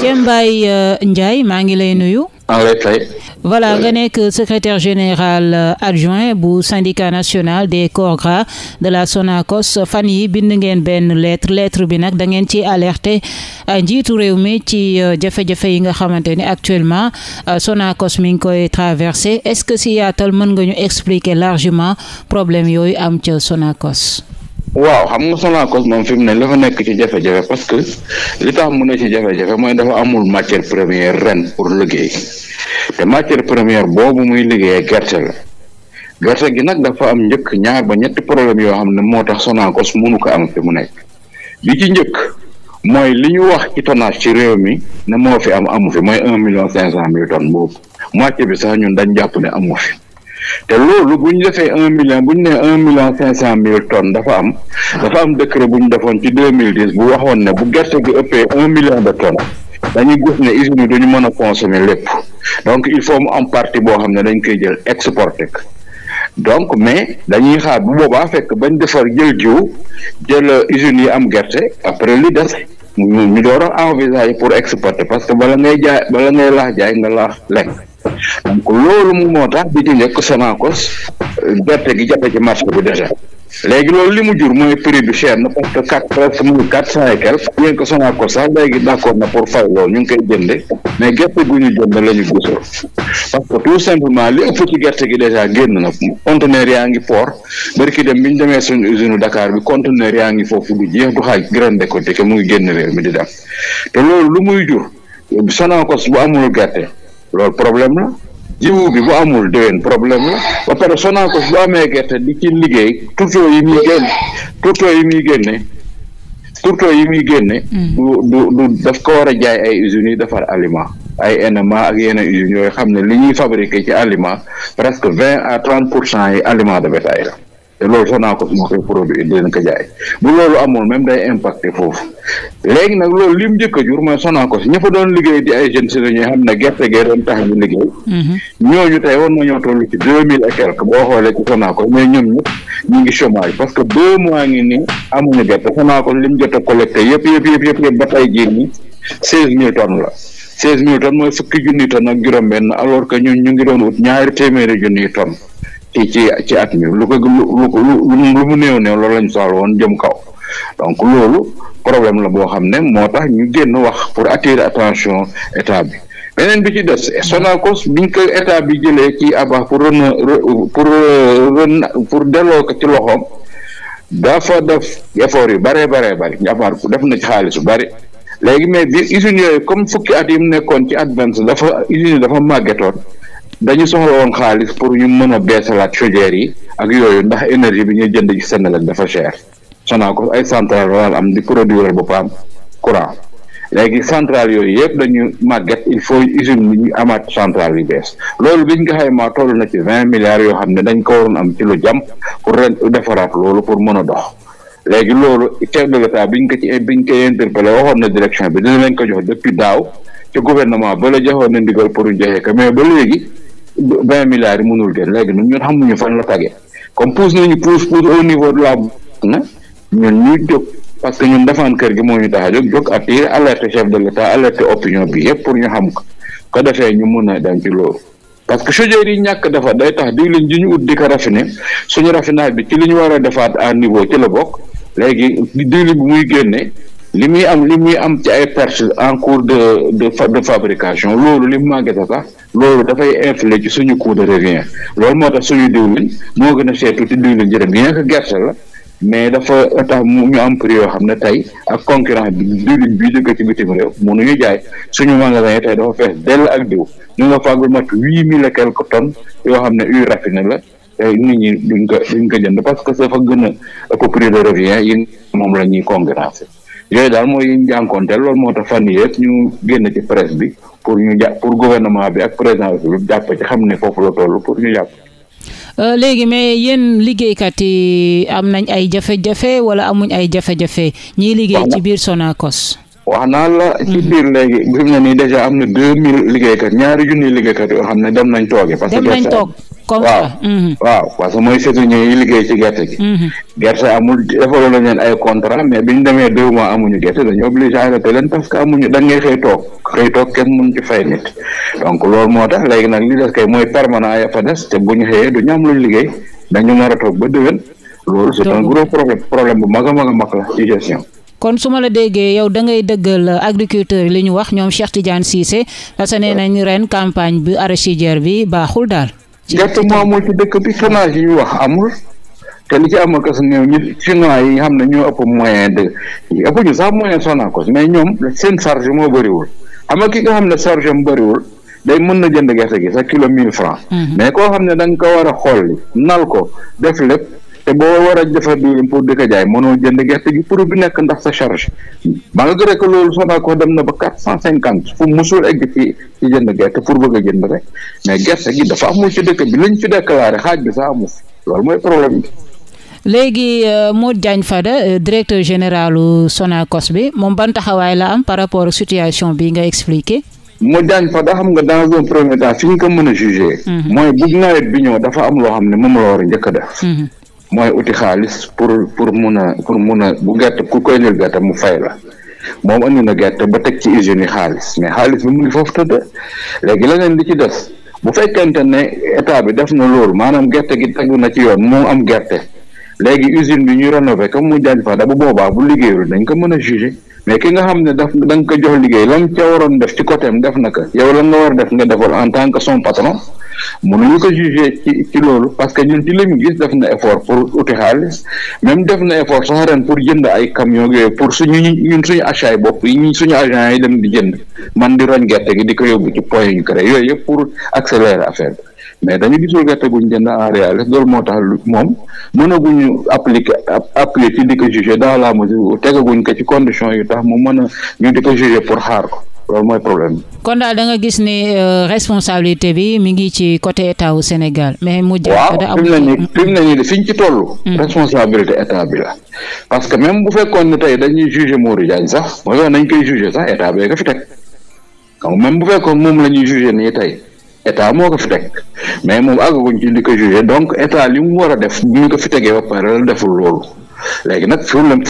Diembaye euh, Ndiaye maa ngi lay nuyu voilà nga nekk secrétaire général euh, adjoint bu syndicat national des corps de la Sonacos fan yi bind ngeen benn lettre lettre bi nag da ngeen ci alerter euh, njiitu réew mi ci jafe-jafe yi nga xamante ni actuellement sonakos mi ngi koy traversé est-ce que si yaatal mën nga ñu expliquer largement problème yooyu am ca Sonacos waaw xam nga Sonacos moom fi mu ne dafa nekk ci jafe-jafe parce que li tax mu ne ci jafe-jafe mooy dafa amul matière première ren pour liggéey te matière première boobu muy liggéeyee gerte la gerte gi nag dafa am njëkk ñaar ba ñetti problème yoo xam ne moo tax Sonacos mënu ko am fi mu nekk bi ci njëkk mooy li ñu wax ci tonnage ci réew mi ne moo fi am amu fi mooy un million cinq cent mille tonnes boobu moitié bi sax ñun dañ jàpp ne amu fi te loolu bu ñu defee un million bu ñu nee un million cinq cent mille tonnes dafa am dafa am décret bu defoon ci deux mille dix bu waxoon ne bu gerte gi ëppee un million de ton dañuy gis ne usine yi dañu mën a consommer lépp donc il faut mu am partie boo xam ne dañ koy jël exporte ko donc mais dañuy xaar bu boobaa fekk bañ defar jël jiw jël usines yi am gerte après li des ñu door a envisager pour exporter parce que bala ngay jaay bala ngay laax jaay nga laax lekk donc loolu mu moo tax bi ci njëkk Sonacos euh, gerte gi jafe ci marché bi déjà léegi loolu li mu jur mooy prix bi cher na parce que quatre presque mille quatre cent et quelque bien que Sonacos sax ñu ngi koy jënde mais gerte gu ñu jënd la ñu gisoo parce que tout simplement li gerte gi déjà génn na conteneur yaa ngi port barki dem bi ñu demee suñu usine Dakar bi conteneur yaa ngi foofu du jeex du xaaj graine décortiquée mu ngi génn réew mi di dem te loolu lu muy jur Sonacos bu amul gerte loolu problème la jiwu bi bu amul déwén problème la ba pare bo bu amee gerte di ci liggéey tourteaux yi muy génne tourteaux yi muy génne yi muy génne. Mm. du du daf ko war a jaay ay usines yi defar aliment ay enema ak yeneen usines yooyu xam ne li ñuy fabriqué ci aliment presque vingt à trente pour cent yi aliment de bétail ra te loolu sax naa ko moo koy produit di leen ko jaay bu loolu amul même day impacté foofu léegi nag loolu lim njëkk a jur mooy Sonacos ña doon liggéey di ay jeunes si la ñuy xam ne gerte gee doon tax ñu liggéey. Mhm. boo xoolee ci Sonacos mais ñoom ñëpp ñu ngi parce que deux mois ngi nii amuñu gerte Sonacos lim jot a collecté yëpp yëpp yëpp yëpp ba tey jii nii seize mille tonnes la. seize mille tonnes mooy fukki junniy tonnes ak juróom-benn alors que ñun ñu ngi doon wut ñaari téeméeri junniy tonnes. ci ci ci at mi lu ko lu lu mu néew néew loolu lañ soxla woon jëm kaw donc loolu problème la boo xam ne moo tax ñu génn wax pour attirer attention état bi beneen bi ci des Sonacos biñ ko état bi jëlee ci ABBA pour ren pour ren pour delloo ci loxoom dafa def effort yu bëree bëree bëri ñaamaar def na ci xaalis yu bëri léegi mais bi usines yooyu comme fukki at yi mu nekkoon ci advance dafa usines dafa màggetoon dañu soxla woon xaalis pour ñu mën a beesalaat chaudière yi ak yooyu ndax énergie bi ñuy jënd ci Senelec dafa cher Sonacos ay centrale la am di produire boppam courant léegi centrale yooyu yëpp dañu màgget il faut usine bi ñu amaat centrale yu bees loolu biñ nga xaymaa toll na ci vingt milliards yoo xam ne dañ ko waroon am ci lu jàmm pour ren defaraat loolu pour mën a dox léegi loolu chef de l'État biñ ko ci biñ koy waxoon na direction bi dinañ ko jox depuis daaw ci gouvernement ba la joxoon na ndigal pour ñu joxe ko mais ba léegi vingt milliards yi mënul génn léegi ñun ñun xamuñu fan la tàggee comme pousse nañu pousse pour au niveau de la na ñun ñu jóg parce que ñun defaan kër gi moo ñu tax a jóg jóg attirer alerte chef de l'État alerte opinion bi yëpp pour ñu xam ko ko defee ñu mun a dem ci loolu parce que chaudière yi ñàkk dafa day tax di liñ di ñu ut di ko raffiner suñu raffinage bi ci li ñu war a defaat à niveau ci la bokk léegi diwlin bi muy génne li muy am li muy am ci ay pertes en cours de de de fabrication loolu li mu màggata sax loolu dafay inflé ci suñu coût de revient loolu moo tax suñu diwlin moo gën a seet tuuti diwlin jërëm bien que gerte la mais dafa tax mu ñu am prix yoo xam ne tey ak concurrence bi diwlin bii jóge ci bitim nu mënuñu jaay suñu magasin yi tey dafa fees dell ak diw ñu nga fàgg lu mat huit mille et quelques tonnes yoo xam ne huile raffinée la nit ñi duñ ko duñ ko jënd parce que dafa gën a ëpp prix de revient yi moom la ñuy concurrencer yooyu daal mooy ñu jànkonteel loolu moo tax fan yii yëpp ñu génn ci presse bi pour ñu jà pour gouvernement bi ak président bi jàpp ci xam ne foofu la toll pour ñu jàpp. Euh, léegi mais yéen liggéeykat yi am nañ ay jafe-jafe wala amuñ ay jafe-jafe ñiy liggéey ci biir Sonacos. wax naa la ci mhm. biir léegi bi mu ne nii déjà am na deux mille liggéeykat ñaari junni liggéeykat yoo xam ne dem nañ tooge. parce que dem nañ toog comprendre mm-hmm. waaw parce que mooy saisonniers yi liggéey ci gerte gi. Mm-hmm. gerte amul defaloon nañ leen ay contrat mais biñ demee deux mois amuñu gerte dañu obligé arrêté leen parce que amuñu da ngay xëy toog xëy toog kenn mun ci fay nit donc loolu moo tax léegi nag li des kay mooy permanent ya fa des te bu xëyee du ñu luñ liggéey dañu nar a ba déwén loolu c'est un gros problème bu mag a mag a la ci gestion. kon su la déggee yow da dëggal agriculteur li ñu wax ñoom Cheikh Tidiane Cissé parce nee nañ ren campagne gerte moo amul ci dëkk bi tonnage yi wax amul te li ci amul kas néew ñu chinois yi xam ne ñoo ëpp moyen de ëpp ñu sax moyen Sonacos mais ñoom seen charge moo bëriwul xam nga ki nga xam ne charge am day mën na jënd gerte gi sa kilo mille francs mhm. mais koo xam ne da nga ko war a nal ko def lépp te boo war a jëfandikoo pour di ko jaay mënoo jënd gerte gi pour bi nekk ndax sa charge malgré que loolu Sonacos dem na ba quatre cent ci ci jënd gerte pour bëgg a jënd rek mais gerte gi dafa amul ci dëkk bi liñ fi déclaré xaaj bi sax amul loolu mooy problème bi. léegi euh, Modou Diagne Fada euh, directeur généralu Sonacos bi moom ban taxawaay la am par rapport ak situation bi nga expliqué. Modou Diagne Fada xam nga dans un premier temps fi ñu ko mën a jugé. Mhm. mooy bu nawet bi ñëw dafa am loo xam ne moom la a njëkk a def. Mhm. mooy uti xaalis pour pour mun a pour mun a bu gerte ku koy indil gerte mu fay la moom andi na gerte ba teg ci usine yi xaalis mais xaalis bi mu ngi foofu tëdd léegi leneen li ci des bu fekkente ne état bi def na loolu maanaam gerte gi tegu na ci yoon mu am gerte. léegi usine bi ñu rénové comme mu jaaj fa da bu boobaa bu liggéeyul dañ ko mën a mais ki nga xam ne daf da nga ko jox liggéey lan ca waroon def ci côté am def na ko yow lan nga war a def nga defal en tant que son patron mënuñu ko jugé ci ci loolu parce que ñun ci la ñu gis def na effort pour uti xaalis même def na effort sax ren pour jënd ay camion yooyu pour suñu ñun suñu achat yi bopp yi suñu agent yi dem di jënd man di roñ gerte gi di ko yóbbu ci point yu ñu yooyu yëpp pour accélérer affaire bi mais dañu gisul gerte guñ jënd en réalité loolu moo tax moom mënaguñu appliquer appuyer ci di ko juger dans la mesure tegaguñ ko ci condition yu tax mu mën a ñu di ko juger pour xaar ko loolu mooy problème kon daal da nga gis ni euh, responsabilité bi mi ngi ci côté état wu mais mu jàpp da amul waaw fi mu ne nii ñu ci toll. Mm. responsabilité état bi la. parce que même bu fekkoon ne tey dañuy juger Modou Diagne sax mooy yoon nañ koy juger sax état bee ko fi teg donc même bu fekkoon moom la ñuy juger nii tey. état moo ko fi teg mais moom àggaguñ ci di ko jugé donc état li mu war a def bu ñu ko fi tegee ba pare la deful loolu léegi nag problème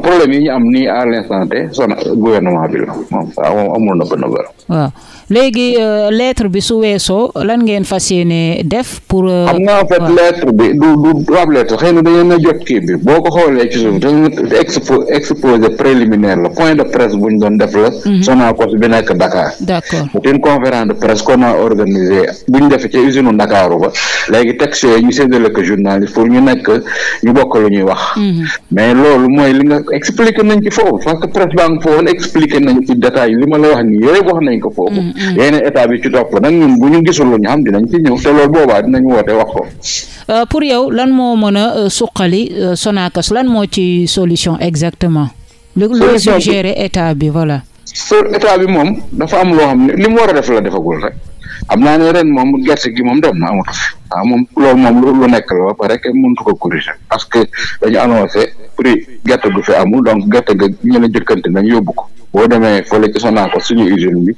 problème yi ñu am nii à l'instant T son gouvernement bi la moom waaw moom amul na ba na waaw léegi euh, lettre bi su weesoo lan ngeen fas yéene def pour. Euh, xam nga en fait bi du du trois lettres xëy na dañu na jot kii bi boo ko xoolee ci suuf dañu expo exposé la point de presse bu ñu doon def la. Mhm. bi nekk Dakar. d'accord c'est une conférence de presse a organisée bu ñu defee ci usine yooyu ñu séddale ko journaliste pour ñu nekk ñu bokk lu ñuy wax. Mhm. mais loolu mooy li nga expliqué nañ ci foofu parce que baa nga foofu expliqué nañ ci détail li ma la wax nii yooyu wax nañ ko foofu. Mhm. Mm. yeneen état bi ci topp nag ñun bu ñu gisul lu ñu xam dinañ ci ñëw te loolu boobaa dinañ woote wax ko. Euh, pour yow lan moo mën a euh, suqali euh, Sonacos lan moo ci solution exactement. solution lu suggéré état bi voilà. so état bi moom dafa am loo xam ne li mu war a def la defagul rek am naa ne ren moom gerte gi moom dem na amatu fi ah moom loolu moom lu nekk la ba pare kenn mëntu ko corriger parce que dañu annoncé prix gerte gu fi amul donc gerte ga ñu ne jëkkante nañ yóbbu ko boo demee fële ci Sonacos suñu usine bi.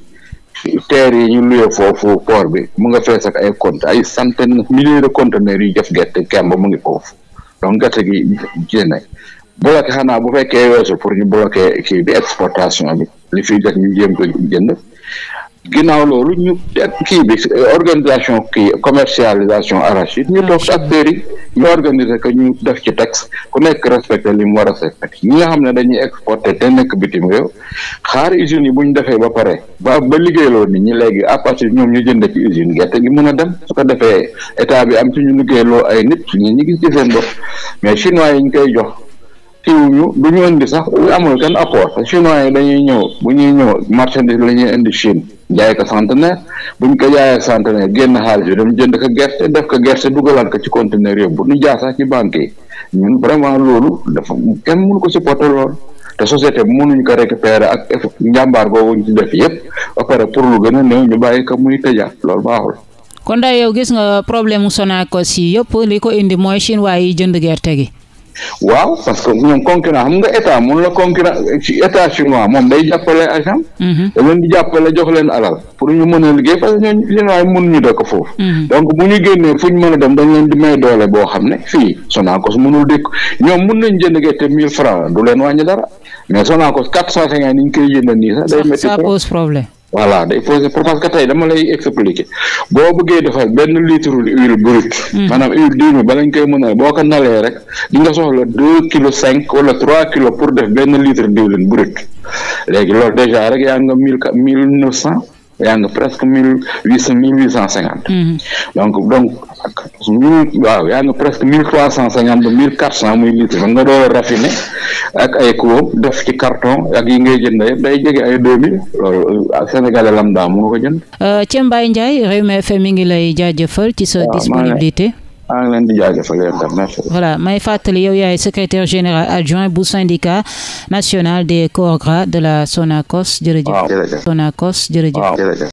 terre yi ñu luye foofu port bi mu nga fees ak ay compte ay centaine milliers de conteneurs yu jëf gerte kemb mu ngi foofu donc gerte gi jénne bloqué xanaa bu fekkee weesu pour ñu bloqué kii bi exportation bi li fiy jot ñu jéem ko jënd ginnaaw loolu ñu teg kii bi organisation kii commercialisation arachide ñu toog acteurs yi ñu organiser que ñu def ci texte ku nekk respecté li mu war a respecté ñi nga xam ne dañuy exporté te nekk bitim réew xaar usines yi bu ñu defee ba pare ba ba liggéeyloo nit ñi léegi à partir ñoom ñu jënd ci usine gerte gi mën a dem su ko defee état bi am ci ñu liggéeyloo ay nit ñi ñu gis ci seen bopp mais chinois yi ñu koy jox kiiwuñu du ñu indi sax amul kenn apport chinois yi dañuy ñëw bu ñuy ñëw marchandise la ñuy indi Chine jaay ko centenaire buñ ko jaayee centenaire génn xaalis bi dem jënd ko gerte def ko gerte dugalaat ko ci conteneur yóbbu ñu jaar sax ci banque yi ñun vraiment loolu dafa kenn mënu ko supporter lool te société bi mënuñ ko récupérer ak njàmbaar boobu ñu ci def yépp ba pare pour lu gën a néew ñu bàyyi ko muy tëjaat lool baaxul. kon daal yow gis nga problème mu Sonacos yi yëpp li ko indi mooy chinois yi jënd gerte gi. waaw parce que ñoom concurrent xam nga état mun la concurrent ci état chinois moom day jàppale agent mhm. da leen di jàppale jox leen alal pour ñu mën a liggéey parce que ñoom ñu dëkk foofu mhm. donc bu ñu génnee fu ñu mën a dem dañ leen may doole boo xam ne fii Sonacos mënul dëkk ñoom mun nañ jënd gerte mille francs du leen wàññi dara mais Sonacos quatre cent cinquante ni ñu jënd nii sax day métti ça pose problème voilà day posé parce que tey dama lay expliquer boo bëggee defar benn litre huile brute. Hmm. maanaam huile diwmi ba lañ koy mën a boo ko nalee rek di nga soxla deux kilos cinq wala trois kilos pour def benn litre diwlin brute léegi loolu déjà rek yaa nga mille mille neuf cent. yaa ngi presque mille huit cent mille huit cent cinquante. Mhm. donc donc mille waaw yaa ngi presque mille trois cent cinquante ba mille quatre cent muy litre nga doon raffiné ak ay kóom def ci carton ak yi ngay jënd yëpp day jege ay deux mille loolu ah, Sénégalais lambda ko jënd. Euh, Thia Mbaye Ndiaye Rewmi FM mi ngi lay jaajëfal ci sa disponibilité. maa ngi leen di jaajëfal leen tam merci. voilà may fàttali yow yaay secrétaire général adjoint bu syndicat national des corps gras de la Sonacos jërëjëf. waaw jërëjëf Sonacos jërëjëf.